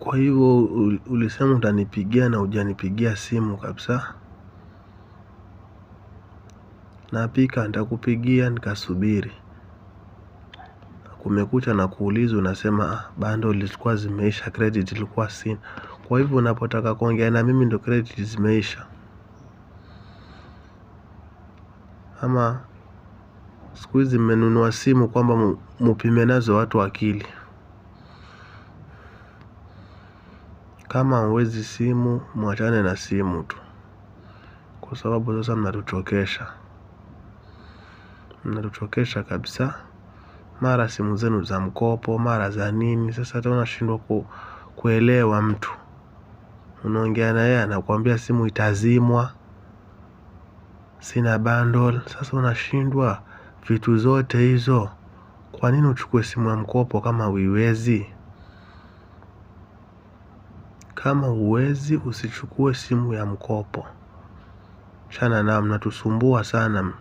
Kwa hivyo ulisema utanipigia na hujanipigia simu kabisa. Napika nitakupigia nikasubiri. Kumekucha na kuuliza unasema ah, bando ilikuwa zimeisha credit ilikuwa sina. Kwa hivyo unapotaka kuongea na mimi ndo credit zimeisha. Ama siku hizi mmenunua simu kwamba mupime nazo watu akili. Kama huwezi simu mwachane na simu tu. Kwa sababu sasa mnatuchokesha. Mnatuchokesha kabisa. Mara simu zenu za mkopo, mara za nini. Sasa hata unashindwa kuelewa mtu. Unaongea na yeye anakuambia simu itazimwa. Sina bundle. Sasa unashindwa vitu zote hizo. Kwa nini uchukue simu ya mkopo kama huiwezi? Kama huwezi usichukue simu ya mkopo. Chana nao mnatusumbua sana.